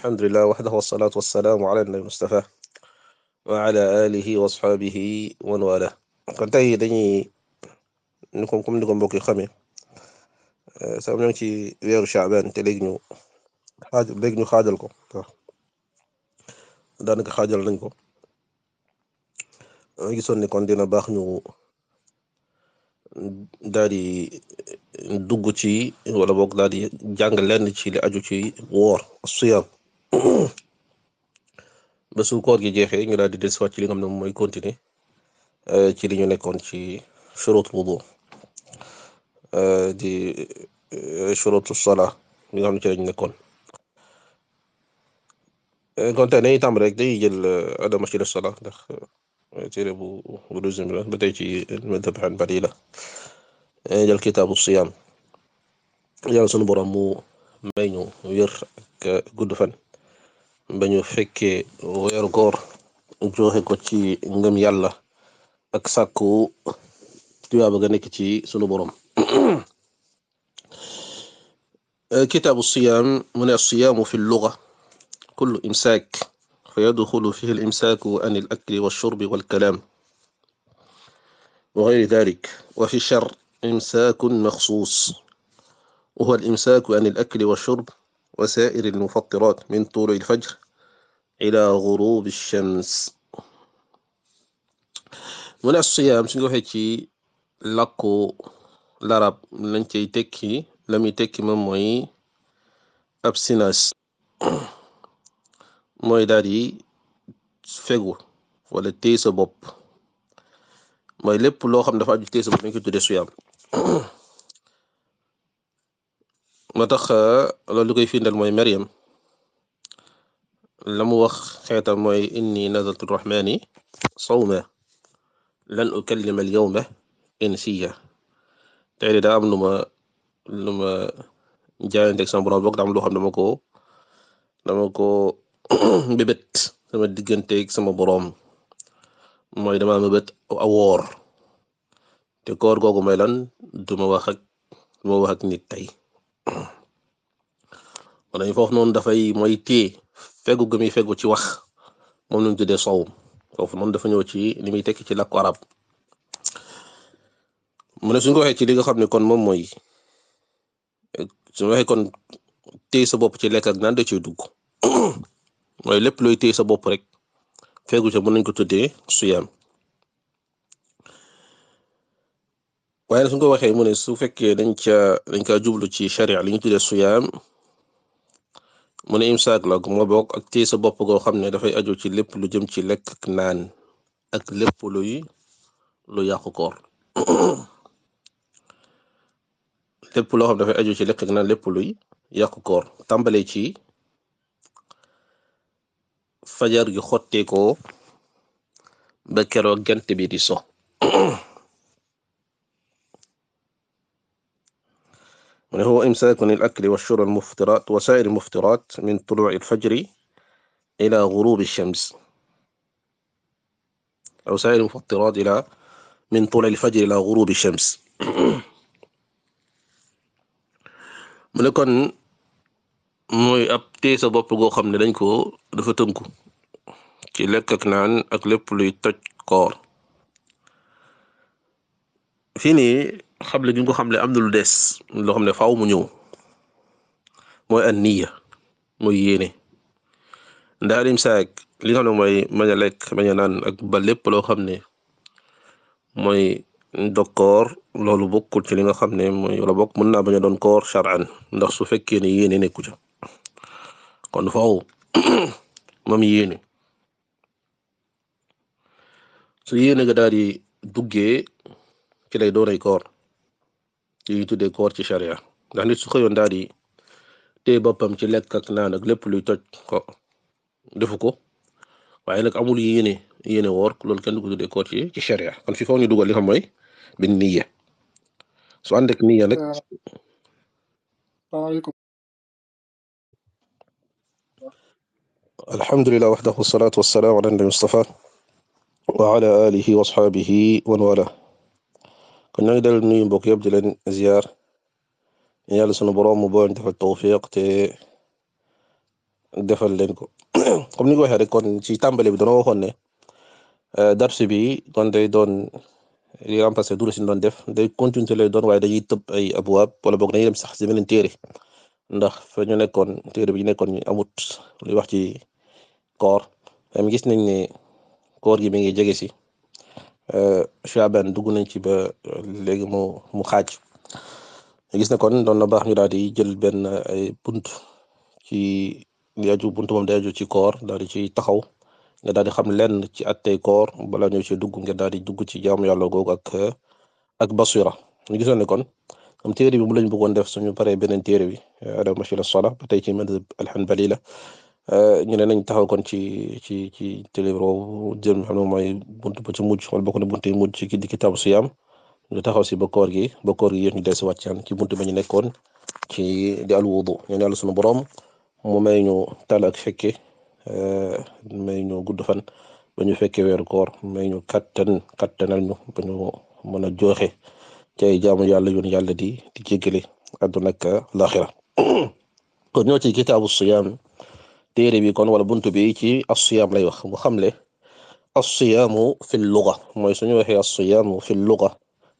alhamdulilah waxdahu wassalaatu wassalaamu ala nabi mustafa wa ala alihi wa asxaabihi wa man wala kon tey dañuy ni ko comme ni ko mbokk yi euh, ci weeru Shaaban te léegi ñu ñu xaajal ko waaw xaajal nañ ko gisoon ni kon dina baax ñu daal di ci wala boog daal di lenn ci li aju ci woor siyam ba su gi jeexee ñu daal di dellusiwaat ci li nga mu ne mooy continuer euh, ci li ñu nekkoon ci shurut wudu euh, di euh, shurutu sola li nga xam ne ci lañu nekkoon kon tey dañuy rek day jël adama ci la sala dax téere bu bu deuxième bi la ba te ci madhab Hanbali la jël kitaabu siyaam yàlla sunu borom mu may ñu ak gudd fan ba ñu fekkee weeru koor joxe ko ci ngëm yàlla ak sàkku tuyaaba ga nekk ci sunu borom kitaabu siyaam mu ne asiyaamu fi lluga kullu imsaak fa yadxulu fihi alimsaaku an alakli dalik wa fi shar imsaakun maxsuus wa huwa alimsaaku an alakli walshurb وسائر المفطرات من طلوع الفجر إلى غروب الشمس mu ne asiyaam su ñu waxee ci làkku larab lañ cay tekki la muy tekki moom mooy abstinence mooy daal di fegu wala téye sa bopp mooy lépp loo xam dafa aju téye sa bopp dañ koy tuddee siyaam ma tax euh, loolu li koy firndeel mooy Maryam la mu wax xeetam mooy inni nazartu rahmaani sawma lan ukallima al yawma insiya tey de daa am lu ma lu ma jaayante ak sama borom boog daa am loo xam dama ko dama ko mbébét sama digganteeg sama borom mooy dama mbébét aw woor te koor googu may lan du ma wax ak nit tey wala foofu noonu dafay mooy téye feegu gu muy feegu ci wax moom lañ tuddee sowum foofu noonu dafa ñëw ci li muy tekki ci làkku arab mu ne suñ ko waxee ci li nga xam ne kon moom mooy suñ waxee kon téye sa bopp ci lekk ak naan da ciy dugg mooy lépp looy téye sa bopp rek fegu ca mën nañ ko tuddee suyaam waaye suñ ko waxee mu ne su fekkee dañ ca dañ kaa jublu ci sharia li ñu tuddee suyaam mu ne imsaak la moo bokk ak téye sa bopp goo xam ne dafay aju ci lépp lu jëm ci lekk ak naan ak lépp luy lu yàqu koor lépp loo xam dafay aju ci lekk ak naan lépp luy yàqu koor tàmbale ci fajar gi xotteekoo ba keroog gent bi di so mu ne huwa imsaakun al akli wa shurbi al muftiraat wa saa'iri al muftiraat min tuluu'i al fajri ilaa guruubi shams aw saa'iri al muftiraat ilaa min tuluu'i al fajri ilaa guruubi shams mu ne kon mooy ab téye sa bopp goo xam ne dañ ko dafa tënku ci lekk ak naan ak lépp luy toj koor fii nii xamle gi nga ko xamle am na lu des loo xam ne faw mu ñëw mooy an niya mooy yéene ndax limsaak li nga xam ne mooy bañ lekk bañ a naan ba lépp loo xam ne mooy dog koor loolu bokkul ci li nga xam ne mooy wala bokk mën naa bañ a doon koor shar'an ndax su fekkee ne yéene nekku ca kon faaw moom yéene su yéene nga daal di duggee ci lay doonay koor ci yi tuddee koor ci sharia ndax nit su ci lekk ak naan ak lépp luy toj ko defu ko waaye nag amul yéene yéene woor loolu kenn du ko tuddee ci ci sharia kon fi faw dugal li xam mooy bin niyya su ànd ak niyya nag. alhamdulilah mustafa wa ala alihi wa kon nag dal nuyu mbokk yëpp di leen ziar yàlla sunu borom mu booleem defal tawfiq te defal leen ko comme ni ko waxee rek kon ci tàmbali bi doon waxoon ne euh, darsi bi kon day doon li remplacé duru si doon def day continuer lay doon waaye dañuy tëb ay abwaab wala boog dañuy dem sax si beneen téere ndax fa ñu nekkoon téere bi ñu nekkoon ñu amut luy wax ci koor am gis nañ ne koor gi mi ngi jege si. Euh, Chaban dugg nañ ci ba euh, léegi mu mu xaaj gis na kon doon na baax ñu daal di jël benn ay bunt ci di aju bunt moom day aju ci koor daal di ci taxaw nga daal di xam lenn ci attey koor bala ñu ci dugg nga daal di dugg ci jam yàlla googu ak euh, ak basira ñu gisoon ne kon am téere bi mu lañ bëggoon def suñu paree beneen téere bi ada machila sola ba tey ci madhab al hanbali la Euh, ñu ne nañ taxaw kon ci ci ci ci livre boobu jël xam ne mooy buntu ba ci mujj wala bokk na buntu yi mujj ci ki di kitaabu siyaam ñu taxaw si ba koor gi ba koor gi yéen ñu dellusiwaat ci ci buntu ba ñu nekkoon ci di alwudu ñu ne yàlla borom mu may ñu ak fekke euh, may ñu gudd fan ba ñu fekkee weeru koor may ñu kattan kattanal ñu ba ñu mën a joxe ci ay jaamu yàlla yoon yàlla di di jéggale àdduna ak euh, laaxira kon ci kitaabu siyaam téere bi kon wala bunt bi ci as-siyaam lay wax mu xamle as-siyaamu fi luga mooy suñu waxee as-siyaamu fi luga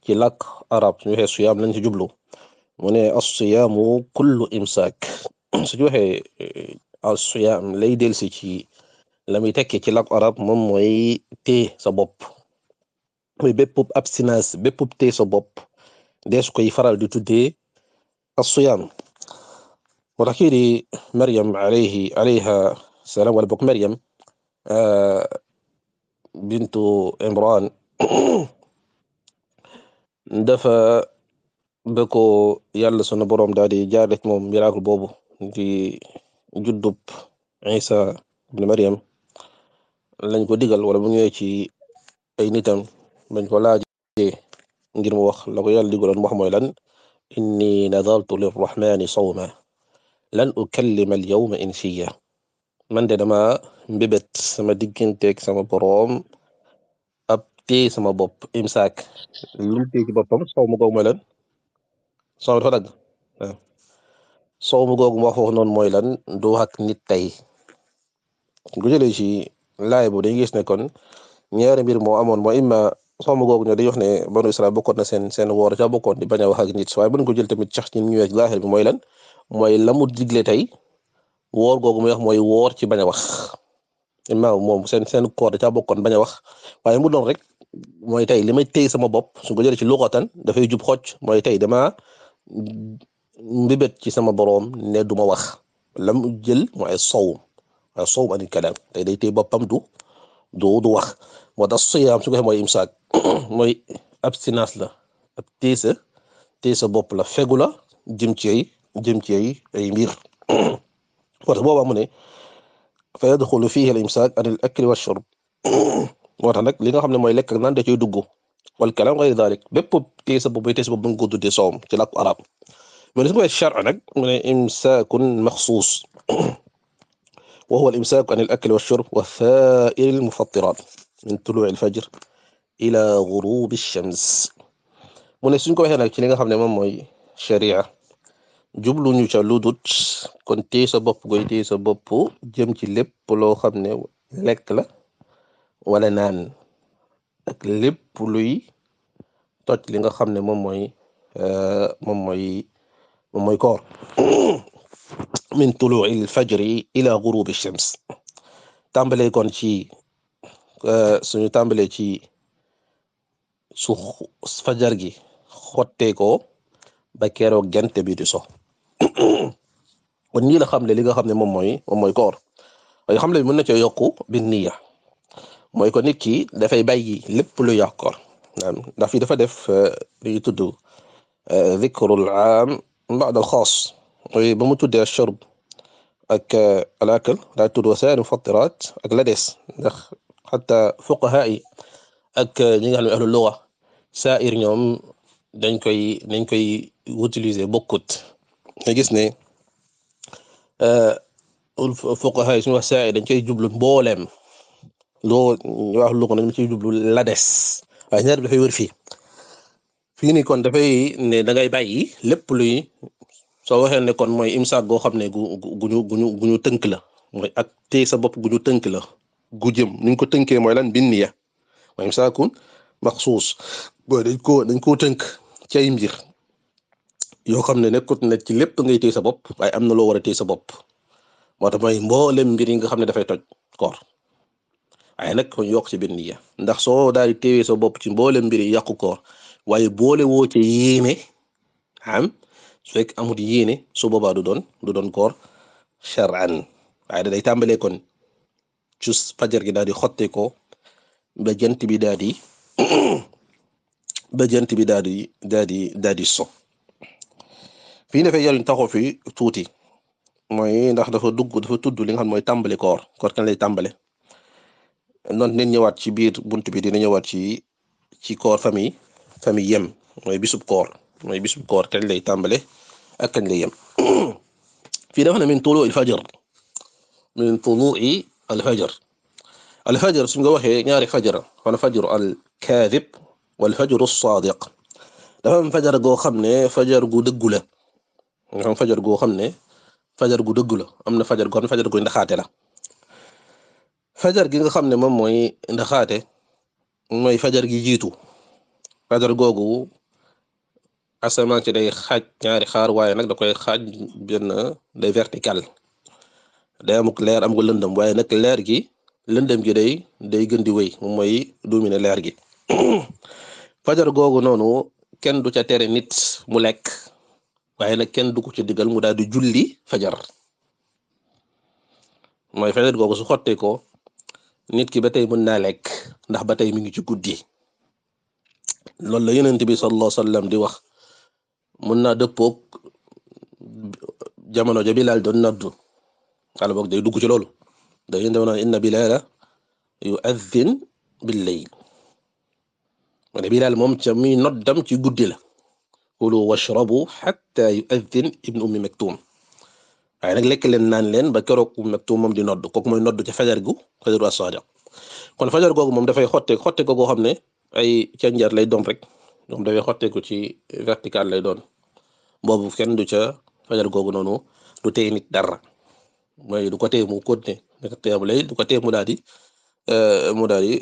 ci làkk arab suñu waxee siyaam lañ ci jublu mu ne as-siyaamu kullu imsaak suñu waxee eh, as-siyaam lay delsi ci la muy tekki ci lak arab moom mooy téye sa bopp muy bépp abstinence bépp téye sa bopp dees koy faral di tuddee as-siyaam moo tax kii di Maryam alayhi alayha salaam wala bokk Maryam bintu Imran dafa bëggo yàlla sunu borom daal di jaarale ci moom miracle boobu di juddub Isa ibn Maryam lañ ko digal wala bu ñëwee ci ay nitam bañ ko laajee ngir mu wax la ko yàlla digaloon wax mooy lan inni nadartu lirrahmani sawma lan ukallima al yawma insiya man de dama mbébét sama digganteeg sama porom ab téye sama bopp imsaak lu mu téye boppam soow mu googu mooy lan soow dafa dagg waaw soow mu googu wax mooy lan du ak nit tey bu jëlee ci laay bu dañuy gis kon ñaari mbir moo amoon moo imma soo mu googu ñoo dañuy wax ne banu na seen seen woor ca bokkoon di bañ a wax ak nit waaye bu ñu tamit cax ñun ñëwee ak bi mooy lan mooy la mu digle tey woor googu muy wax mooy woor ci bañ a wax imaaw moom seen seen koor da caa bokkoon bañ wax waaye mu doon rek mooy tey li may téy sama bopp su ko jëlee ci luxatan dafay jub xocc mooy tey dama mbibét ci sama boroom ne du ma wax lam jël mooy sowum waaye sowum ani tey day téy boppam du du du wax moo tax siyaam su ko waxee mooy imsaak mooy abstinence la ab téy sa téy sa bopp la fegu la jëm ci jëm ci ay ay mbir moo tax boobaa mu ne fa yadxulu fiihi al imsaak an al akli wa shurb moo tax nag li nga xam ne mooy lekk ak naan da cay dugg wal kalaam gayr dalik bépp tees boobu bay tees boobu mu ngi ko tuddee soom ci làkku arab mais li si mooy char nag mu ne imsaakun maxsuus wa huwa al imsaak an al akli wa shurb wa saa'ir al mufattiraat min tuluu al fajr ila ghuruub ash-shams mu ne suñ ko waxee nag ci li nga xam ne moom mooy sharia jubluñu ca ludut kon téye sa bopp goy téye sa bopp jëm ci lépp loo xam ne lekk la wala naan ak lépp luy toj li nga xam ne moom mooy euh, moom mooy moom mooy koor min tulu'i al-fajri ila ghurubi ash-shams tàmbalee kon ci euh, suñu tàmbalee ci su fajar gi xottee ko ba keroog gent bi di so kon nii la xamle li nga xam ne moom mooy moom mooy koor waaye xamle bi mën na cee yokku bi niya mooy ko nit ki dafay bàyyi lépp lu yàq koor ndax fii dafa def euh, li ñuy tudd dhikrul euh, aam ba'd al xaas mooy ba mu tuddee shurb ak euh, al akl daa tudd wasaa'ir mufattirat ak la des ndax xata fuqaha yi ak ñi nga xam ne ahlu luga saa'ir ñoom dañ koy dañ koy utiliser bokkut nga gis ne e yi suñu wax saa yi dañ koy jublu mbooleem loo wax lu ko dañ ciy jublu la des waaye ñaar bi dafay wër fii fii nii kon dafay ne da ngay bàyyi lépp luy soo waxee ne kon mooy imsaak goo xam ne gu gu ñu gu ñu gu tënk la mooy ak téye sa bopp gu ñu tënk la gu jëm ni ñu ko tënkee mooy lan binniya mooy imsaakun maxsuus booy dañ koo dañ tënk ci ay yoo xam ne nekkut ne ci lépp ngay téye sa bopp waaye am na loo sa bopp moo tax mooy mboolem mbir yi nga xam ne dafay toj koor waaye nag kon yokk ci biir niyya ndax soo daal di téye sa bopp ci mboolem mbiri yi yàqu koor waaye boole woo ca yéene am su fekk amut yéene su boobaa du doon du doon koor shar'an waaye da day tàmbalee kon ci fajar gi daal di xotte ko ba jant bi daal di ba jant bi daal di daal di so fii dafay yàlla taxaw fii tuuti mooy ndax dafa dugg dafa tudd li xam mooy tàmbali koor koor kan lay tàmbale noonu dinañ ñëwaat ci biir bunt bi dina ñëwaat ci ci koor famille famille yem mooy bisub koor mooy bisub koor kañ lay tàmbale ak kañ lay yem fii dafa ne min tulu il fajar min tului al fajar al fajar suñ nga waxee ñaari fajar wala fajaru al kaadib wal fajaru sadiq fajar goo xam ne fajar gu la nga fajar goo xam ne fajar gu dëgg la am na fajar goo xam ne fajar la fajar gi nga xam ne moom mooy ndaxaate mooy fajar gi jiitu fajar googu asamaan ci day xaaj ñaari xaar waaye nag da koy xaaj benn day vertical day amuk leer am ko lëndëm waaye nag leer gi lëndëm gi day day gën di wéy moom mooy dominer leer gi fajar googu noonu kenn du ca tere nit mu lekk waaye nag kenn duggu ci digal mu daal di julli fajar mooy fajar googu su xottee ko nit ki ba tey mën naa lekk ndax ba tey mi ngi ci guddi loolu la yonent bi sallallahu alayhi wasallam di wax mën naa dëppoog jamono ja Bilaal doon naddu wala boog day dugg ci loolu day yéen a inna Bilaala yu'adhin bil-layl Bilaal moom ca muy noddam ci guddi la. kulu washrabu xatta yu'adhin ibnu ummi maktum waaye nag lekk leen naan leen ba keroog ummi maktum moom di nodd kooku mooy nodd ci fajar gu fajaru as-sadiq kon fajar googu moom dafay xotte xotte ko xam ne ay canjar lay doon rek moom dafay xotteeku ci vertical lay doon boobu kenn du ca fajar googu noonu du tey nit dara mooy du ko mu continuer naka teemu lay du ko tey euh, euh, mu daal di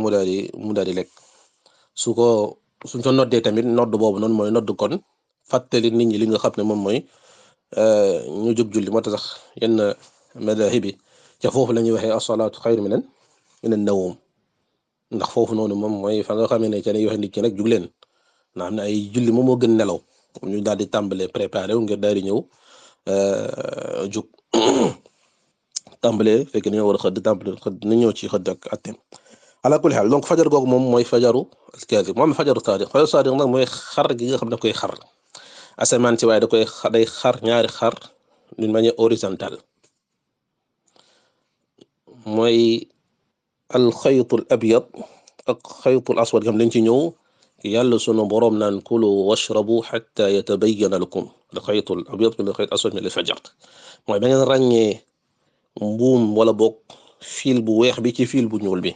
mu daal mu daal di lekk suñ ko noddee tamit noddu boobu noonu mooy nodd kon fàttali nit ñi li nga xam ne moom mooy euh, ñu jóg julli moo tax sax yenn madahib yi ca foofu la ñuy waxee asalaatu xayru minan minan nawm ndax foofu noonu moom mooy fa nga xam ne ca dañuy wax nit ki nag jug leen na xam ay julli moom moo gën nelaw ñu daal di tàmbale préparé wu ngir daal di ñëw euh, jug tàmbale fekk ni nga war a xëdd tàmbale ñëw ci xëdd ak ala kulli xaal donc fajar googu moom mooy fajaru kaasib moom fajaru saadiq fajaru saadiq nag mooy xar gi nga xam ne koy xar asamaan ci waaye da koy day xar ñaari xar d'une manière horizontale mooy alxaytul abyad ak xaytul aswad nga xam dañ ci ñëw yàlla sunu boroom naan kulu washrabu xatta yatabayyana lakum alxaytul abyad min alxayt aswad min alfajar mooy ba ràññee mbuum wala bok fil bu weex bi ci fil bu ñuul bi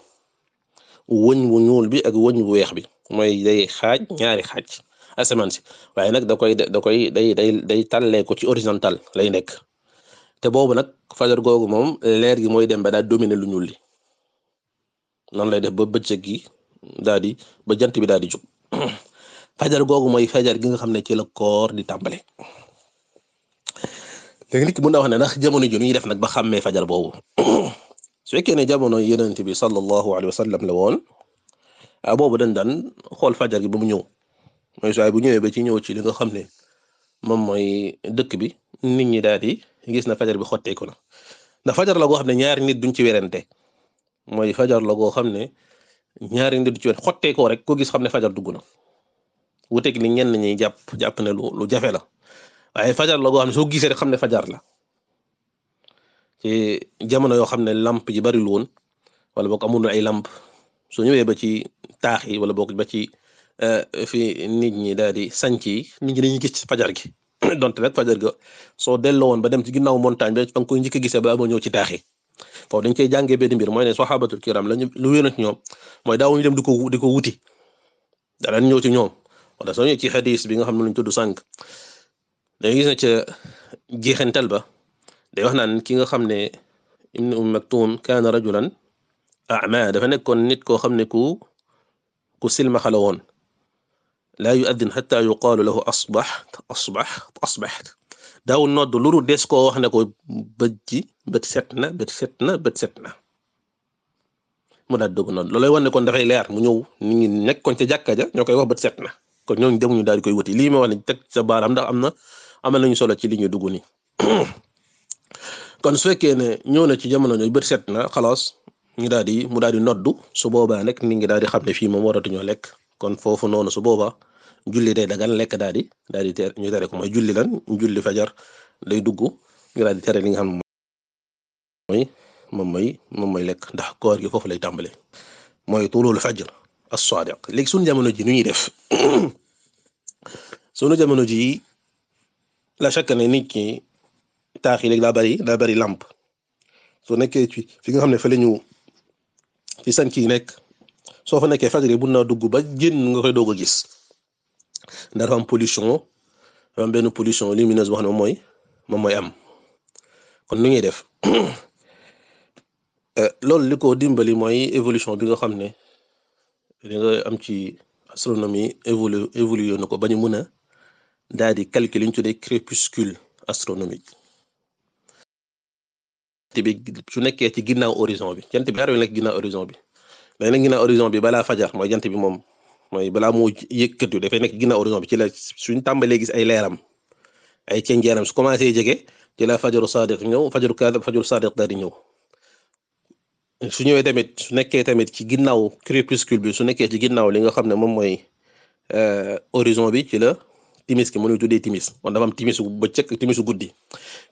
wëñ wu ñuul bi ak wëñ wu weex bi mooy day xaaj mm-hmm. ñaari xaaj asamaan si waaye nag da koy da koy day day day tàllee ko ci horizontal lay nekk te boobu nag fajar googu moom leer gi mooy dem ba daal dominer lu ñuul li noonu lay def ba bëccëg gi daal di bi daal di jóg fajar googu mooy fajar gi nga xam ne ci la koor di tàmbale léegi nit ki mën na wax ne ndax jamono ji ñuy def nag ba xàmmee fajar boobu su fekkee ne jamono yonent bi sallallahu alayhi wa sallam la woon boobu dañ daan xool fajar gi ba mu ñëw mooy saa bu ñëwee ba ci ñëw ci li nga xam ne moom mooy dëkk bi nit ñi daal di gis na fajar bi xotteeku na ndax fajar la goo xam ne ñaari nit duñ ci werante mooy fajar goo xam ne ñaari nit duñ ci rek ko gis xam ne fajar dugg na wuuteeg ni ñenn ñi jàpp jàpp ne lu lu jafe la waaye fajar la xam ne soo gisee rek xam ne fajar la. ci jamono yoo xam ne lamp yi bariwul woon wala boog amul ay lamp soo ñëwee ba ci taax yi wala boog ba ci eh, fi nit ñi daal di sànci yi ñi dañuy gis fajar gi donte nag fajar ga soo delloo woon ba dem ci ginnaaw montagne ba fa nga koy njëkk a gisee ba amoo ñëw ci taax yi foofu dañ koy jàngee benn mbir mooy ne saxaabatul kiram lañu lu wér ci ñoom mooy daawuñu dem di ko di ko wuti danañ ñëw ci ñoom wala soo ñëw ci xadis bi nga xam ne luñ tudd sànq dañuy gis ne ca ba. day wax naan ki nga xam ne ibnu um maktum kaana rajulan ama dafa nekkoon nit koo xam ne ku ku silmaxa la woon laa yu addin xata yuqaalu lahu asbax asbax asbax daawul nodd luru des koo wax ne ko bët ji bët set na bët set na bët set na mu daal doogu nodd loolay wan ne kon dafay leer mu ñëw nit ñi nekkoon ca jàkka ja ñoo koy wax bët set na kon ñooñu demuñu daal di koy wuti lii ma wax ne teg sa baaraam ndax am na amal nañu solo ci liñu ñu dugg nii kon su fekkee ne ñëw na ci jamono ñooy bët set na xalaas ñu daal di mu daal di noddu su boobaa nag nit ngi daal di xam ne fii moom waratuñoo lekk kon foofu noonu su boobaa julli day dagan lekk daal di daal di ter ñu tere ko mooy julli lan julli fajar day dugg ñu daal di tere li nga xam mooy moom mooy moom mooy lekk ndax koor gi foofu lay tàmbale mooy tulul fajar as-sadiq léegi sunu jamono ji nu ñuy def sunu jamono la chaque ne nit ki taax yi léegi daa bari daa bari làmp soo nekkee fi nga xam ne fa la ñu ci sanc yi nekk soo fa nekkee fajar bu naa dugg ba génn nga koy doog a gis ndax dafa am pollution dafa am benn pollution lumineuse boo xam ne mooy moom mooy am kon nu ñuy def euh, loolu li ko dimbali mooy évolution bi nga xam ne am ci astronomie évolu évolué na ko ba ñu mën a daal di calculer ñu tuddee crépuscule astronomique. bi su nekkee ci ginnaaw horizon bi jant bi ñaar yoon nekk ginnaaw horizon bi léeg-léeg ginnaaw horizon bi balaa fajar jant bi moom mooy balaa moo yëkkatu dafay nekk ginnaaw horizon bi ci la suñ tàmbalee gis ay leeram ay cenjeeram su commencé jege ci la fajaru sadiq ñëw fajaru kaadib fajaru sadiq daal di ñëw su ñëwee tamit su nekkee tamit ci ginnaaw crépuscule bi su nekkee ci ginnaaw li nga xam ne moom mooy euh, horizon bi ci la timis ki mënuy tuddee timis kon dafa am timis bu bëccëg ak timis bu guddi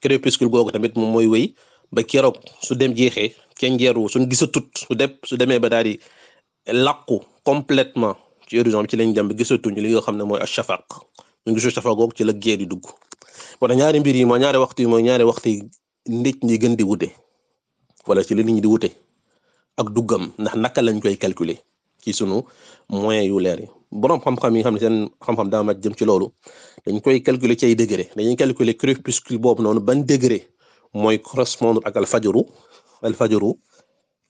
crépuscule tamit moom mooy wéy ba keroog su dem jeexee kenn jeeru suñ gisatut su dem su demee ba daal laqu làqu ci horizon bi ci lañ dem ba gisatuñ li nga xam ne mooy ashafaq ñu gisu shafaq googu ci la gée di dugg wala ñaari mbir yi mooy ñaari waxtu yi mooy ñaari waxtu yi nit ñi gën di wute wala ci li nit ñi di wute ak duggam ndax naka lañ koy calculer ci sunu moyens yu leer borom xam-xam yi xam ne seen xam-xam daa mat jëm ci loolu dañ koy calculer ci ay degré dañuy calculer crépuscule boobu noonu ban degré mooy correspondre ak alfajaru alfajaru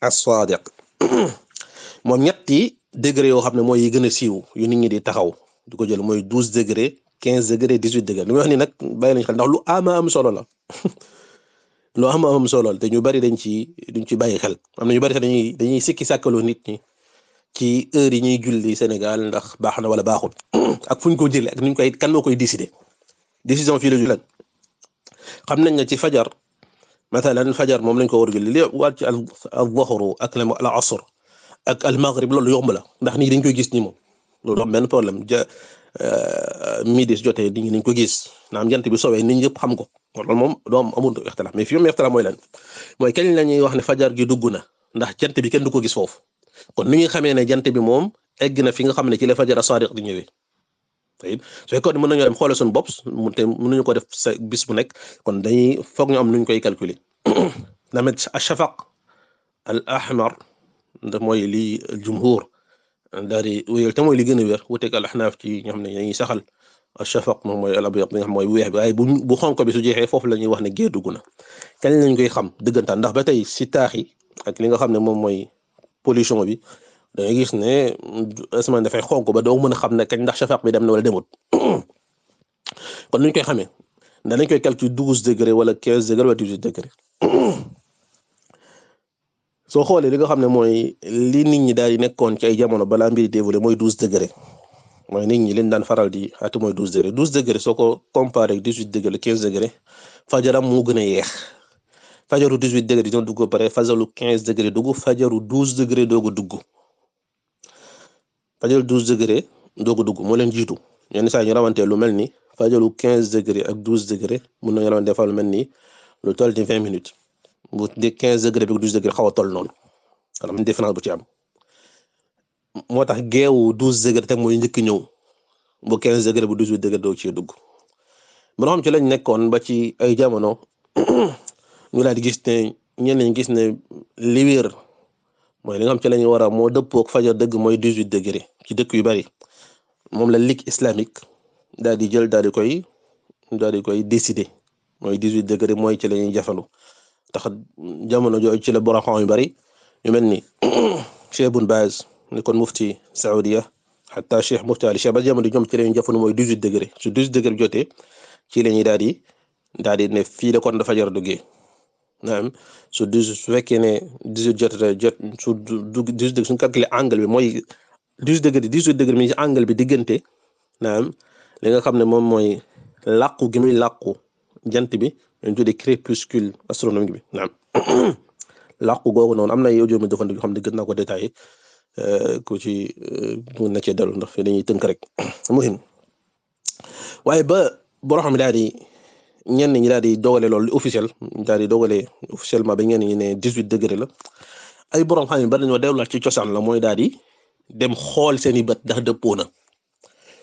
as-sadiq moom ñetti degré yoo xam ne mooy yi gën a siiw yu nit ñi di taxaw di ko jël mooy douze degré quinze degré dix huit degré li may ni nag bàyyi lañ xel ndax lu ama am solo la lu ama am solo la te ñu bari dañ ci duñ ci bàyyi xel am na ñu bari dañuy dañuy sikki sàkkaloo nit ñi ci heure yi ñuy julli Sénégal ndax baax na wala baaxul ak fu ko jëlee ak nuñ koy kan moo koy décider décision fii la xam nañ ne ci fajar mathalan fajar moom lañ ko war a julli li waat ci al-dhuhr ak al-asr ak al-maghrib loolu yomb la ndax nit dañ koy gis ni moom loolu am benn problème ja euh, midi jotee nit ñi ko gis naam jant bi soowee nit ñëpp xam ko loolu moom doom amul ixtilaaf mais fi mu ixtilaaf mooy lan mooy kañ la ñuy wax ne fajar gi dugg na ndax jant bi kenn du ko gis foofu kon ni ñuy xamee ne jant bi moom egg na fi nga xam ne ci la fajar as-sadiq di ñëwee. tayib su fekkoon mën nañoo dem xoole suñu bopp mu te mënuñu ko def sa bis bu nekk kon dañuy foog ñu am nuñ koy calculer damit ashafaq al ahmar da mooy li jumhur daal di wéyal mooy li gën a wér wuteeg al ahnaaf ci ñoo xam ne dañuy saxal ashafaq moom mooy al abyad bi nga mooy weex waaye bu bu xonk bi su jeexee foofu la ñuy wax ne gée dugg na kañ lañ koy xam dëggantaan ndax ba tey si taax yi ak li nga xam ne moom mooy pollution bi da gis ne asamaan dafay xonk ba doo mën a xam ne kañ ndax shafaq bi dem na wala demut kon nuñ koy xamee ndax dañ koy calculer douze degré wala quinze degré wala dix-huit degré soo xoolee li nga xam ne mooy li nit ñi daal di nekkoon ci jamono balaa mbiri dévolé mooy douze degré mooy nit ñi leen daan faral di ati mooy douze degré douze degré soo ko comparé ak dix-huit degré quinze degré fajaram moo gën a yeex fajaru dix-huit degré dina dugg ba pare fajaru quinze degré dugg fajaru douze degré doog a dugg fajal douze degré doo a dugg moo leen jiitu yenn saa ñu rawante lu mel ni fajalu quinze degré ak douze degré mun nañu rawante fa lu mel ni lu toll ni vingt minutes bu dee quinze degré bi douze degré xaw a toll noonu am différence bu ci am moo tax geewu douze degré teg mooy njëkk ñëw bu quinze degré bu dix-huit doo ci dugg mën xam ci lañ nekkoon ba ci ay jamono ñu laa di gis ne ñenn ñi gis ne liwir mooy li nga xam ci lañu war a moo dëppook fajar dëgg mooy dix huit degré ci dëkk yu bari moom la ligue islamique daal di jël daal di koy daal koy décider mooy dix huit degré mooy ci la ñuy jafandu tax jamono jooju ci la borom yu bari yu mel ni Cheikh Ibn Baz ni kon mufti Saoudia xataa Cheikh mufti Ali Cheikh ba jamono ñoom ci la ñuy mooy dix huit degré su dix huit degré jotee ci la ñuy daal di daal di ne fii de kon da fajar duggee. naam su dix su fekkee ne dix huit jot jot su du dix huit degré angle bi mooy dix huit degré dix huit mi ci angle bi diggante naam li nga xam ne moom mooy làqu gi muy làqu jant bi dañ tuddee crépuscule astronomique bi naam làqu googu noonu am na yow joomi doxandi yoo xam ne gën naa ko détaillé euh, ku ci euh, mun na cee dellu ndax fii dañuy tënk rek muhim waaye ba borom ñenn ñi daal di dogale loolu officiel daal di dogale officiellement ba ñenn ñi ne dix huit degré la ay borom xam ne bari nañoo delluwaat cosaan la mooy daal dem xool seen i bët ndax dëppoo na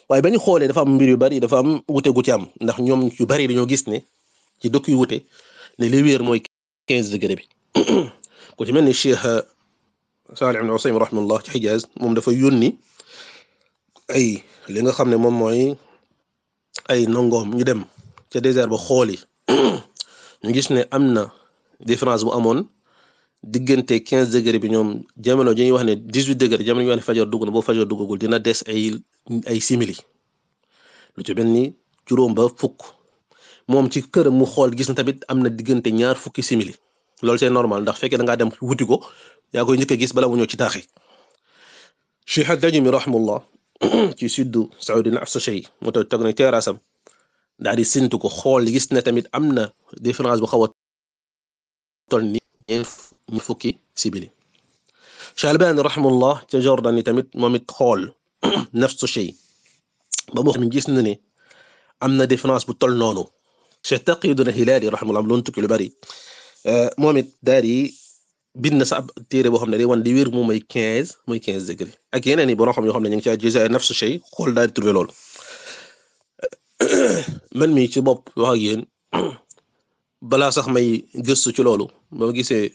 waaye ba ñu xoolee dafa am mbir yu bari dafa am wute gu ci am ndax ñoom yu bari dañoo gis ne ci dëkk yu wute ne li wéer mooy quinze degré bi ku ci mel ni Cheikh euh, Salih ibn Usaym rahimahullah ci Hijaz moom dafa ni ay li nga xam ne moom mooy ay nongoom ñu dem. ca désert ba xooli ñu gis ne am na différence bu amoon diggante quinze degré bi ñoom jamono ji ñuy wax ne dix degré jamono ñu wax dugg na boo fajar duggagul dina des ay ay simili lu ci mel ni juróom ba fukk moom ci këram mu xool gis na tamit am na diggante ñaar fukki simili loolu c'est normal ndax fekkee da ngaa dem wuti ko yaa koy njëkk a gis bala mu ñëw ci taaxi Cheikh Dajimi rahimahullah ci suddu Saoudi na af moo chey mu teeraasam daal di séntu ko xool gis na tamit am na différence bu xaw a toll ni ñu sibili Chalbani rahimahullah ca Jordan yi tamit moom it xool nafsu shay ba mu gis na ne am na différence bu toll noonu Cheikh Taqiyuddin Hilaali rahimahullah loon tukki lu bari eh, moom it daal di bind na sa ab téere boo xam ne day wan di wér mu mooy quinze muy quinze degré ak yeneen yi boo xam yoo xam ne ñu ngi ci nafsu shay xool daal di loolu man mi ci bopp wax yéen balaa sax may gëstu ci loolu ba ma gisee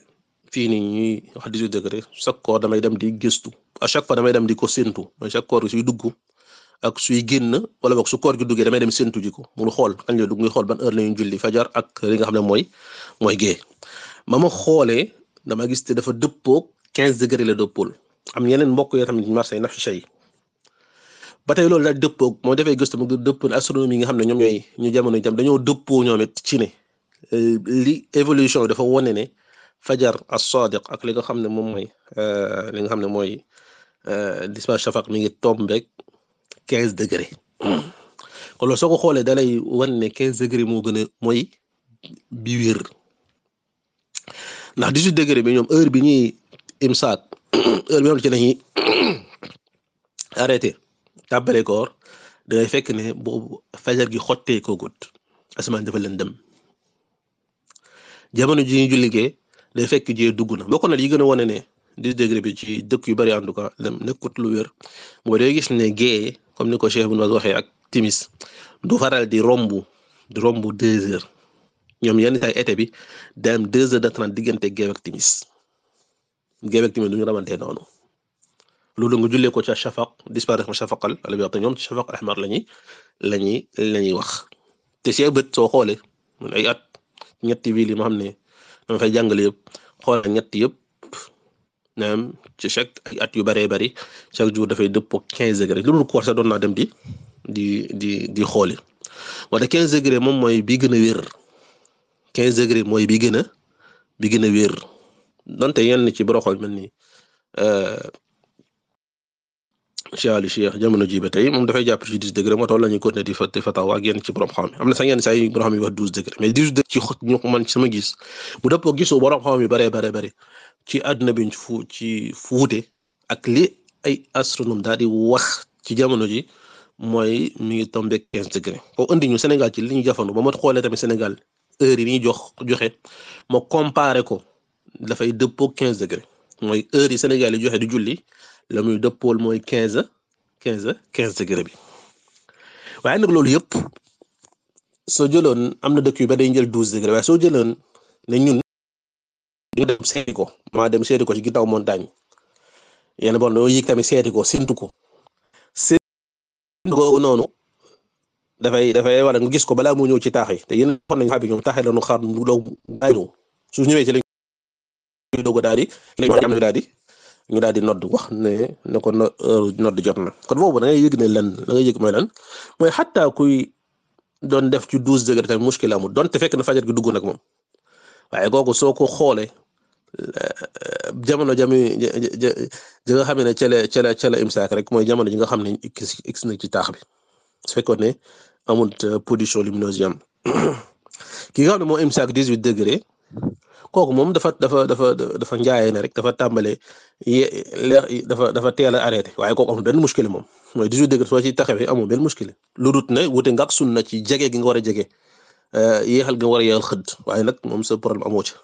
fii nii ñuy wax 18 degré chaque koor damay dem di gëstu à chaque fois damay dem di ko séntu a chaque koor gi suy dugg ak suy génn wala boog su koor gi duggee damay dem séntu ji ko mu xool kañ la dugg muy xool ban heure la ñuy julli fajar ak li nga xam ne mooy mooy gée ma ma xoolee dama gis te dafa dëppoog 15 degré la dëppool am yeneen mbokk yoo tamit marché nafsi shay ba tey loolu daal dëppoo moo defee gëstu mu dëpp astronomie yi nga xam ne ñoom ñooy ñu jamono itam dañoo dëppoo ñoom it ci ne euh, li évolution bi dafa wane ne fajar as-sadiq ak li nga xam ne moom mooy euh, li nga xam ne mooy euh, dispa shafaq mi ngi tombeek quinze degré kon loolu soo ko xoolee da lay ne quinze degré moo gën a mooy bi ndax dix-huit degré bi ñoom heure bi ñuy imsaak heure bi ñoom ci lañuy arrêté kàbbare koor da fekk ne boobu fajar gi xottee ko gut asamaan dafa leen dem jamono ji ñu julli gee day fekk jee dugg na bokk na yi gën a wane ne 10 degré bi ci dëkk yu bari en tout cas dem nekkut lu wér mooy day gis ne gee comme ni ko Cheikh Ibn Baz waxee ak timis du faral di rombu di romb deux heures ñoom yenn saa été bi day am deux heures de trent diggante gee ak timis gee ak timis du ñu ramantee noonu. loolu nga jullee ko ca shafaq disparaître ma shafaqal wala bi ñoom ci shafaq ahmar la ñuy la ñuy la wax te bët soo xoolee man ay at ñetti bii li ma xam ne dama fay jàngale yëpp xool ñetti yëpp naam ci chaque ay at yu bëree bari chaque jour dafay dëppoo quinze degré loolu ko war sax doon naa dem di di di di xooli wala quinze degré moom mooy bi gën a wér degré mooy bi gën a bi gën a wér donte yenn ci boroxol mel ni euh, Cheikh Ali Cheikh jamono ji ba tey moom dafay jàpp ci dix degré moo tax la ñuy continuer di di fatawa ak yenn ci borom xam-xam am na sax yenn saa yi borom xam yi wax douze degré mais douze degré ci xot bi fu ci ak li ay astronome daal di wax ci jamono ji mooy mi ngi tombé quinze degré ko indi ñu Sénégal ci li ñu jafandu ba ma xoolee tamit Sénégal heure yi ñuy jox joxe ma comparé ko dafay dëppoo quinze degré mooy heure yi Sénégal yi joxe di julli la muy dëppool mooy quinze quinze quinze degré bi waaye nag loolu yëpp soo jëloon am na dëkk yu ba day jël douze degré waaye soo jëloon ne ñun ñu dem seeti ko maa dem seeti ko ci ginnaaw montagne yenn bon doo yëg tamit seeti ko séntu ko séntu ko noonu dafay dafay wala nga gis ko bala moo ñëw ci taax yi te yéen xon nañu xam ne ñoom taax yi la ñu xaar lu doog bàyyi ñëwee ci lañ doog daal di lañ daal ñu daal di nodd wax ne ne ko euh, nodd jot na kon boobu na ngay yëg ne lan da ngay yëg mooy lan mooy xataa kuy doon def ci douze degré tamit muskil amul te fekk na fajar gi dugg nag moom waaye kooku soo ko xoolee euh, jamono jami ji nga xam ne ca la ca la rek mooy jamono ji nga xam ne x na ci taax bi su fekkoon ne amul euh, pollution lumineuse yi am ki nga xam ne moo imsaak dix huit degré kooku moom dafa dafa dafa dafa njaayee ne rek dafa tàmbalee dafa dafa teel a arrêté waaye kooku amul benn muskil moom mooy 18 degré soo ci taxawee amul benn muskil lu dut ne wute nga ak sunna ci jege gi nga war a jege euh, yéexal gi nga war a yéexal xëdd waaye nag moom sa problème amoo ci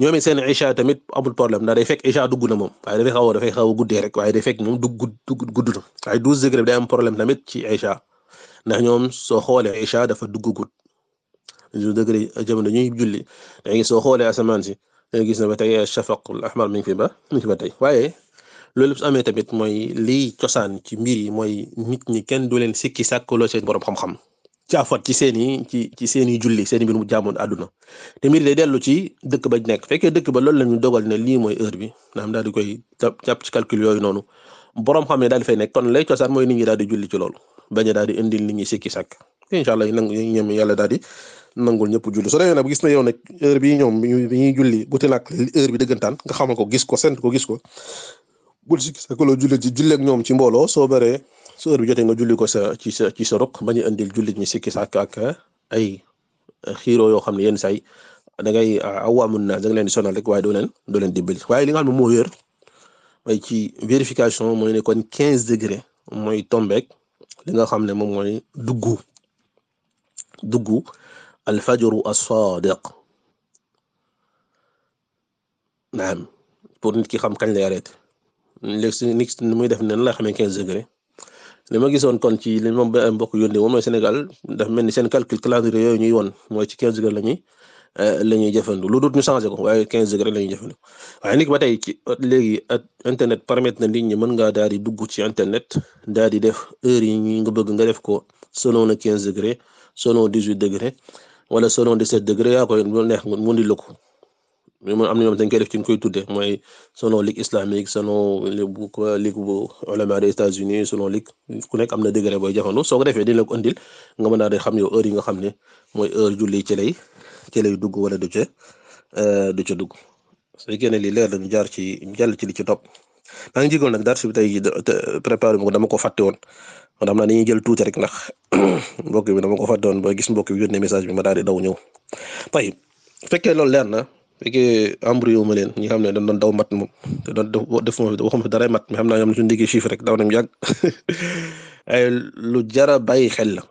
ñoom it seen isha tamit amul problème ndax day fekk isha dugg na moom waaye dafay xaw a dafay xaw a guddee rek waaye fekk moom dugg gudd gudd na waaye 12 degré bi am problème tamit ci isha ndax ñoom soo xoolee isha dafa dugg gudd jour dëgg la jamono ñuy julli da ngi soo xoolee asamaan si gis na ba tey shafaq al ahmar mi ngi fi ba mi ngi fi ba tey waaye loolu amee tamit mooy lii cosaan ci mbir yi mooy nit ñi kenn du leen sikki sàkkaloo seen borom xam-xam caafat ci seen i ci ci seen i julli seen i mbir mu jaamoon àdduna te mbir day dellu ci dëkk ba nekk fekkee dëkk ba loolu la ñu dogal ne lii mooy heure bi naam daal koy jàpp ci calcul yooyu noonu borom xam ne daal di nekk kon lay cosaan mooy nit ñi daal di julli ci loolu bañ a daal di indil nit ñi sikki sàkk nangul ñëpp julli su demee nag gis na yow nag heure bi ñoom mi ñuy julli bu teel ak heure bi dëggantaan nga xamal ko gis ko sent ko gis ko bul si sa ko loo julli ci julli ak ñoom ci mbooloo soo baree su heure jotee nga julli ko sa ci sa ci sa rok bañ a indil jullit ñi sikki ak eh, ay xiiroo yoo xam ne yenn say da ngay awaamun ah, na da leen di sonal rek waaye doo leen doo leen dimbali waaye li nga xam ne moo wér mooy ci vérification mooy ne quinze degré mooy tombeek li nga xam ne moom mooy dugg dugg alfajru a sadiq naam pour nit ki xam kañ lay arrêté léegi si nit ni muy def nen la xamee quinze degré li ma gisoon kon ci li moom ba ay mbokk yónnee moom mooy Sénégal daf mel ni seen calcul calendrier yooyu ñuy woon mooy ci quinze degré la ñuy euh, la ñuy jëfandu lu dut ñu changé ko waaye quinze degré lañuy ñuy jëfandu waaye nit ba tey ci léegi internet permettre na nit ñi mën ngaa daal di dugg ci internet daal di def heure yi nga bëgg nga def ko selon le quinze degré selon dix huit degré wala selon 17 degré yaa koy lu neex mu ndil ko am na ñoom dañ koy def ci ñu koy tudde mooy selon ligue islamique selon bu ligue bu ulama des États-Unis selon ku nekk am na degré booy jafandu soo ko defee dina la ko andil nga mën naa xam yow heure yi nga xam ne mooy heure julli ci lay dugg wala du ca euh, du ca dugg su fekkee ne lii leer jaar ci jàll ci li ci topp maa ngi jégal nag dars bi tey préparé ma ko dama ko fàtte woon moo tax na dañuy jël tuuti rek ndax mbokk bi dama ko a doon ba gis mbokk bi yónnee message bi ma daal di daw ñëw tey fekkee loolu leer na fekkee embryo ma leen ñi xam ne dañ doon daw mat moom te doon def moom waxuma fi dara mat mi xam naa ñoom suñu déggee chiffre rek daw nañu yàgg ay lu jara xel la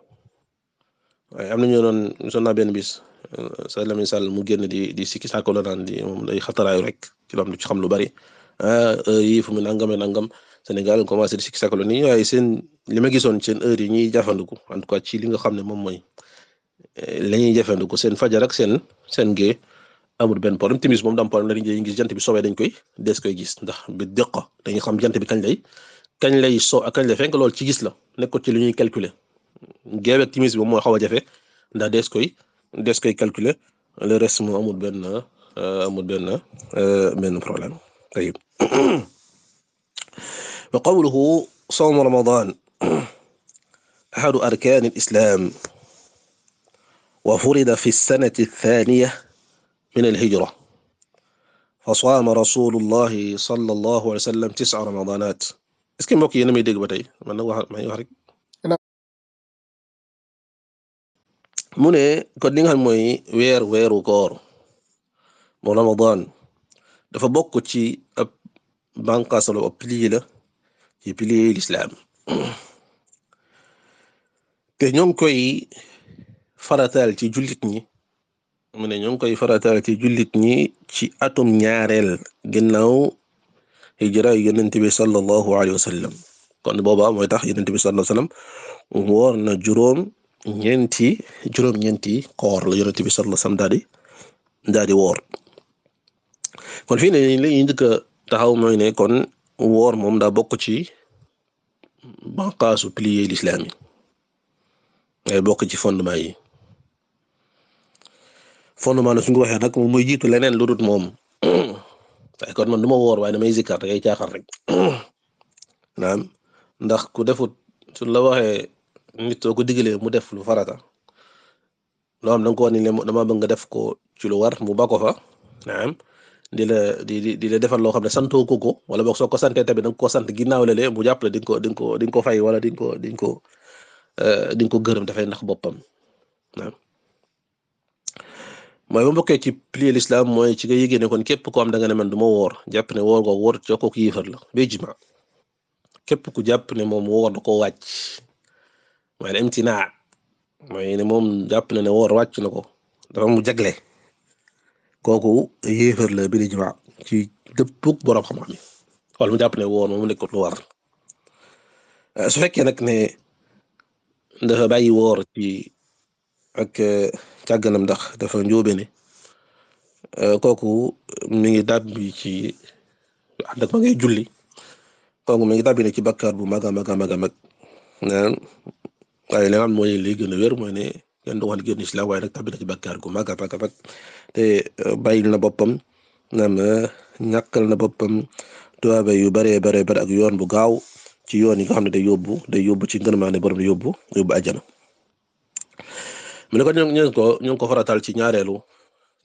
waaye am nañu doon sonn naa benn bis euh, sa Lamine Sall mu génn di di sikki saako la di moom day xataraayu rek ci lu am ci xam lu bari ah heure yii fu mu nangam nangam. Sénégal commencé di sikki sakalo nii waaye seen li ma gisoon seen heure yi ñuy jafandiku en tout cas ci li nga xam ne moom mooy eh, la ñuy jafandiku seen fajar ak seen seen gée amul benn problème timis moom da am problème jant bi soobee dañ koy des koy gis ndax bi dëq dañuy xam jant bi kañ lay kañ lay so ak kañ lay fenk loolu ci gis la nekkul ci li ñuy calculer gée ak timis bi moo xaw a jafe ndax des koy des koy calculer le reste moom amul benn euh, amul benn euh, benn problème وقوله صوم رمضان أحد أركان الإسلام وفرض في السنة الثانية من الهجرة فصام رسول الله صلى الله عليه وسلم تسع رمضانات est-ce que mbokk yi yéen a may dégg ba tey man nag wax may wax rek mu ne kon li nga xam mooy weer weeru koor moom Ramadan dafa bokk ci ab bànqaas la ab pilier la ci pilier l'islam te ñoo koy farataal ci jullit ñi ne ñoo koy farataal ci ñi ci atum ñaareel ginnaaw hijra yonent bi sallallahu alayhi wa kon booba mooy tax yonent bi sallallahu alayhi wa sallam woor na juróom ñeenti juróom ñeenti koor la yonent bi sallallahu alayhi wa woor kon fii ne ñu njëkk a taxaw mooy kon woor moom daa bokk ci banqaasu pilier l'islam yi ngay bokk ci fondement yi fondement la su ko waxee nag moom muy jiitu leneen lu dut moom waaye kon man du ma woor waaye damay zikkar da ngay caaxaan rek naam ndax ku defut suñ la waxee nit ko digalee mu def lu farata loo xam da nga ko dama bëgg nga def ko ci lu war mu bako fa di la di di di la defal loo xam ne santoo ko ko wala boog soo ko santee tamit da nga ko sant ginnaaw la lee mu jàpp la di ko di ko di ko fay wala di nga ko di euh, ko gërëm dafay ndax boppam waaw mooy ba mbokkee ci pilier l'islam mooy ci nga yëgee ne kon képp ko am da nga ne man du ma woor jàpp ne woor googu woor coo kooku yéefar la ba ijma képp ku jàpp ne moom woor da ko wàcc mooy ne imtinaa mooy ne moom jàpp na ne woor wàcc na ko dafa mu jagle kooku yéefar la bil ijmaa ci dëppug borom xam-xam yi wala mu jàpp ne woon moom nekkul lu war euh, su fekkee nag ne bàyyi woor ci ak euh, càgganam ndax dafa njóobe ne euh, kooku mi ngi dàbbi ci ànd ak ma ngi dàbbi ci bakkaar bu maga a mag a mag a mag waaye mooy li gën a mooy ne. kenn du waxal génn islam waaye nag tabbi na ci bàkkaar gu mag a mag a mag te euh, bàyyil na boppam naam euh, ñàkkal na boppam tuwaaba yu baree baree bare ak yoon bu gaaw ci yoon yi nga xam ne day yóbbu day yóbbu ci ngën maa ne borom day yóbbu yóbbu àjjana mu ne ko ñu ngi ko ñu ngi faratal ci ñaareelu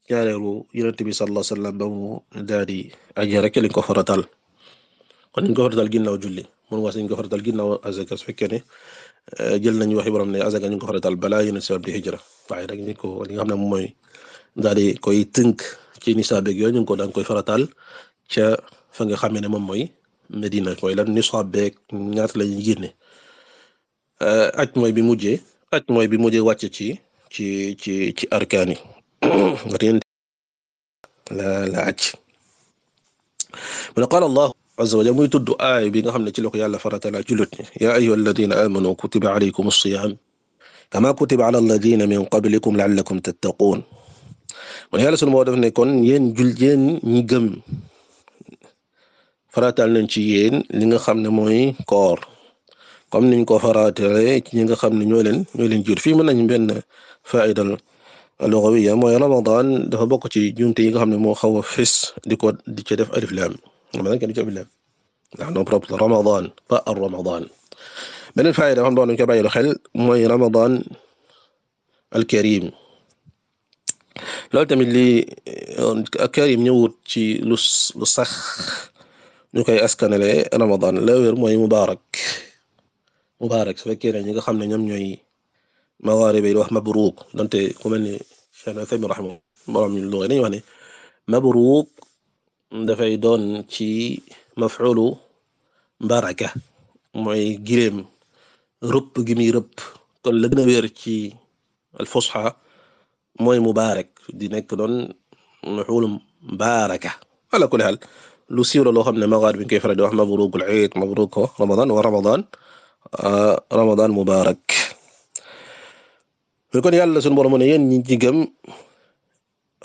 ñaareelu yonent bi sallallahu alayhi wasallam ba mu daal lañ ko faratal kon ñu ko faratal ginnaaw julli mun was ñu su fekkee ne Eh, jël nañu waxi borom ne asaka ñu ngi ko faratal balaa yéen a sabab di hijra waaye rek ñu ko ne moom mooy di koy tënk ci nisaab beeg yooyu ñu ngi ko daan ko faratal ca fa nga xamee ne moom mooy Medina mooy lan nisaab beeg ñaata la ñuy génne eh, aj mooy bi mujjee aj mooy bi mujjee wàcc ci ci ci ci arkaan yi la mu ne qaala Allah azza wa jalla muy tudd aay bi nga xam ne ci la ko yàlla faratala jullit ñi yaa ayyuha alladina amanu kutiba alaykum as-siyam kama kutiba ala yàlla sunu moo def ne kon yéen jul yéen ñi gëm farataal nañ ci yéen li nga xam ne mooy koor comme niñ ko faraatalee ci ñi nga xam ne ñoo leen ñoo leen jur fii mën nañ benn faida lugawiya mooy ramadan dafa bokk ci junte yi nga xam ne moo xaw a fis di ko di ci def alif laam رمضان kenn du ci am lépp ndax non propre Ramadan pas Ramadan beneen faayda xam doon nañu ko bàyyi xel mooy Ramadan al karim loolu tamit lii karim ñëwut ci lu lu sax ñu koy askanale Ramadan la wér mooy mubaarak mubaarak su fekkee ne ñi nga xam ne ñoom ñooy magharibi di wax mabruuk donte ku mel ni Cheikh Al-Uthaymin rahimahullah borom ñu dañuy wax ne mabruuk dafay doon ci maf'ulu mbaraka mooy giréem rëpp gi muy rëpp kon la gën a wér ci alfusxa mooy mubaarak di nekk doon maf'ulu mbaraka ala kulli xaal lu siiw la loo xam ne magaat bi ñu koy faral di wax mabrukul iid mabruko ramadan wa ramadan ah, ramadan mubaarak kon yàlla sunu borom ne yéen ñi ci gëm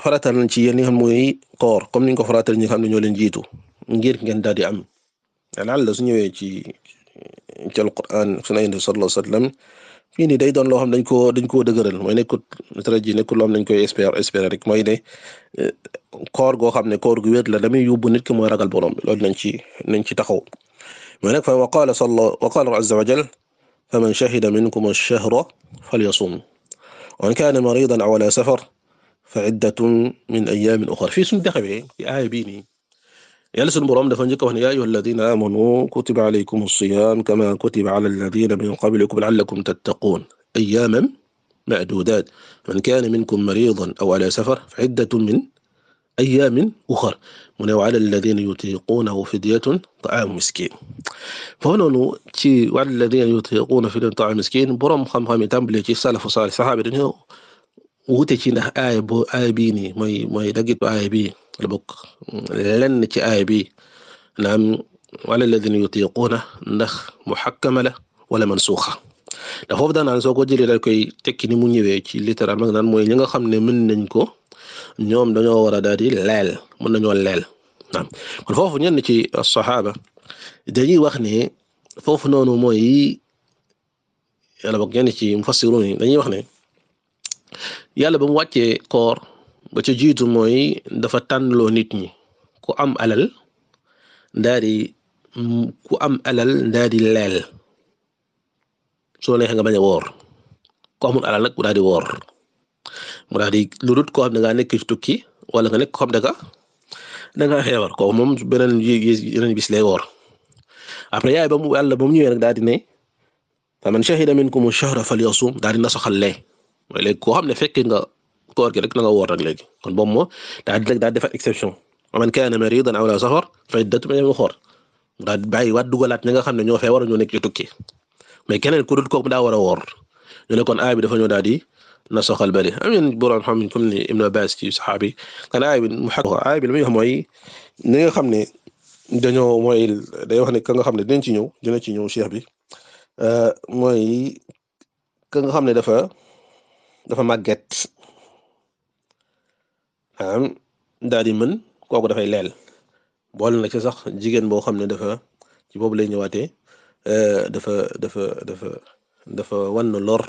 faratal nañ ci yéen li nga xam koor comme ni nga ko faratal ñi nga xam ne ñoo leen ngir ngeen daal di am lalla su ñëwee ci ci alquran sunna nabi sallallahu alayhi wasallam fii nii day doon loo xam dañ ko dañ koo dëgëral mooy nekkut traite ji nekkul loo xam dañ koy espérer rek mooy ne eh, koor goo xam ne koor gu wéet la damay yóbbu nit ki mooy ragal borom loo loolu nañ ci nañ ci taxaw mooy nag fa wa qaala sallallahu wa qaala azza wa jal minkum ash-shahra falyasum wa in kaana maridan aw ala fa iddatun min ayaamin uxar fii suñ taxawee ci aaya bii nii yàlla suñu boroom dafa njëkk a wax ne yaa ayyuha alladina aamanu kutiba alaykum as-siyaam kama kutiba ala alladina min qablikum laallakum tattaquun ayaaman معدودات من كان منكم مريضا أو على سفر فعدة من أيام أخر من وعلى الذين يطيقونه فدية طعام مسكين فهنا تي وعلى الذين يطيقون فدية طعام مسكين برم خم خم تنبلي تي سلف صالح صحابة te ci ndax aaya bo aaya bii nii mooy mooy daggitu aaya bi la bokk lenn ci aaya bi naam wala alladina yutiquuna ndax muhakkama la wala mansuuxa da foofu daanaan soo ko jëlee da koy tekki ni mu ñëwee ci littéral nag naan mooy ñi nga xam ne mën nañ ko ñoom dañoo war a daal mën nañoo leel naam ci saxaaba dañuy wax ne foofu noonu mooy yàlla bokk ci mufassirun yi dañuy wax ne yàlla ba mu wàccee koor ba ca jiitu mooy dafa tànnloo nit ñi ku am alal daal am alal daal di leel soo neexee nga bañ a woor ku amul alal nag mu daal woor mu daal di lu dut koo xam ne nga nekk ci tukki wala nga nekk ko xam ne nga da ngaa xeewar kooku moom beneen yeneen bis lay woor après yaay ba mu yàlla ba mu ñëwee nag daal di ne faman shahida minkum shahra falyasum daal di soxal lee mooy léegi koo xam ne fekk nga koor gi rek na nga woor rek léegi kon boobu moo daal di daal defar exception man kaana maridan aw ala safar fa iddatu daal bàyyi nga xam ne ñoo fee war a ñoo nekk ci tukki mais keneen ku dul kooku daa war a woor ñu ne kon aay bi daal na soxal bëri am nañu borom xam comme ni Ibn Abbas ci saxaabi kan aay bi xam ne dañoo mooy day wax ne ka nga xam ne dinañ ci ñëw dina ci ñëw cheikh bi euh, mooy ka nga xam ne dafa. dafa màgget am daal di mën kooku dafay leel bool na ci sax jigéen boo xam ne dafa ci boobu lay ñëwaatee euh, dafa dafa dafa dafa wan na lor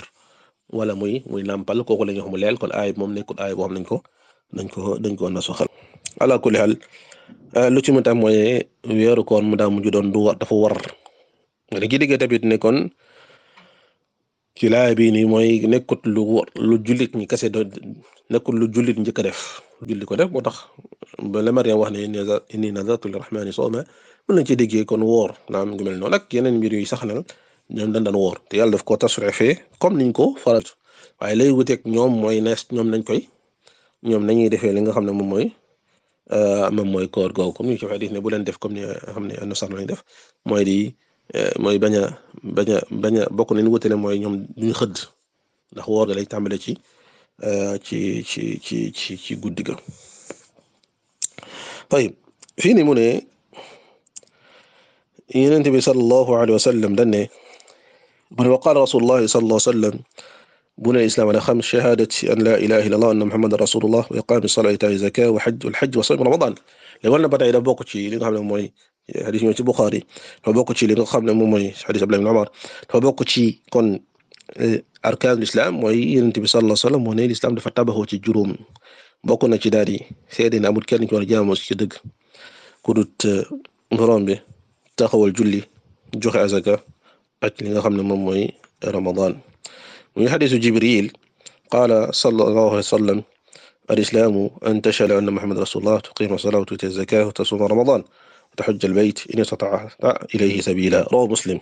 wala muy muy nàmpal kooku la ñuy wax mu leel kon aay moom nekkul aay boo xam nañ ko dañ ko dañ ko na soxal ala kulli xaal euh, lu ci mu tax mooy weeru koon mu daa mujj doon du dafa war nga ne ki diggee ne kon ci laaj bii nii mooy nekkut lu lu jullit ñi kese do nekkut lu jullit njëkk a def julli ko def boo tax ba la Mariam wax ne na inni nazartu lirrahmani sawma mën nañ ci déggee kon woor naa am ngi mel noonu ak yeneen mbir yu sax na ñoom dañ daan woor te yàlla daf ko tasrifee comme niñ ko faral waaye lay wuteeg ñoom mooy nees ñoom lañ koy ñoom nañuy defee li nga xam ne moom mooy euh, moom mooy koor googu comme ni ñu ci ne bu leen def comme xam ne am na sax lañ def mooy di. Euh, mooy bañ a bañ a bañ a bokk nañ wutale mooy ñoom duñ xëdd ndax woor ga lay tàmbale ci euh, ci ci ci ci ci guddi ga tayib fii ni mu ne yonent bi sallallahu alayhi wa sallam dañ ne bu ne wa qaala rasulullahi sallallahu alayhi wa sallam بني الإسلام على خمس شهادة أن لا إله إلا الله أن محمد رسول الله وإقام الصلاة وإيتاء الزكاة وحج والحج وصوم رمضان لو أن بدأ إلى بوكتشي لنقابل موي xadis ñoo ci Buxaari dafa bokk ci li nga xam ne moom mooy xadis Abdullah ibn Umar dafa bokk ci kon eh, arkaanul islam mooy yonent bi sallallahu alayhi wa sallam moo ne lislaam dafa tabaxoo ci juróom bokk na ci daal di seede ne amul kenn ci war a jaamoo ci dëgg ku dut eh, borom bi taxawal julli joxe azaka ak li nga xam ne moom mooy Ramadan muy xadisu Jibril qaala sallallahu alayhi wa sallam al islaamu an tashhada anna Muhammadan rasulullah tuqiima salaa wa tuuti zaka wa tasuma Ramadan وتحج البيت إن استطعت إليه سبيلا rawahu Muslim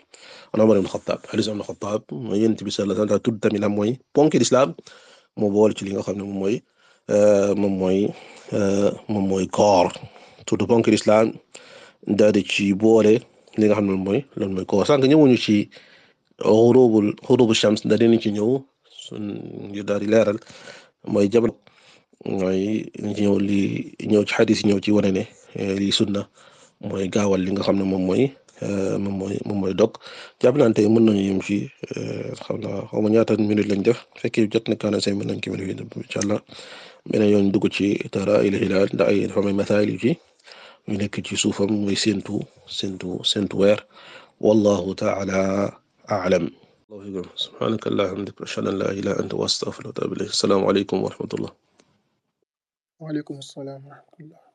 an Umar ibn Xattaab xadiis ibn Xattaab mooy Yonent bi sallallahu alayhi wa sallam tudd tamit am mooy ponk lislaam moo boole ci li nga xam ne moom mooy moom mooy moom mooy koor tudd ponk lislaam daal di ci boole li nga xam ne moom mooy loolu mooy koor sànq ñëwuñu ci xurubul xurubu shams da dinañ ci ñëw suñ ngir daal di leeral mooy jabal mooy ñëw li ñëw ci xadiis ñëw ci wane ne lii sunna mooy gaawal li nga xam ne moom mooy euh, moom mooy moom mooy dog jàpp naa tey mën nañu yem ci euh, xam naa xaw ma ñaata minute lañ def fekkee jot na quarante cinq mën nañ ci minute incha allah beneen yoon dugg ci tara il hilal ndax ay dafa may masaayil ci ñu nekk ci suufa muy séntu séntu séntu weer wallahu taala aalam الله فيكم سبحانك اللهم وبحمدك أشهد أن لا إله إلا أنت وأستغفرك وأتوب إليك السلام عليكم ورحمة الله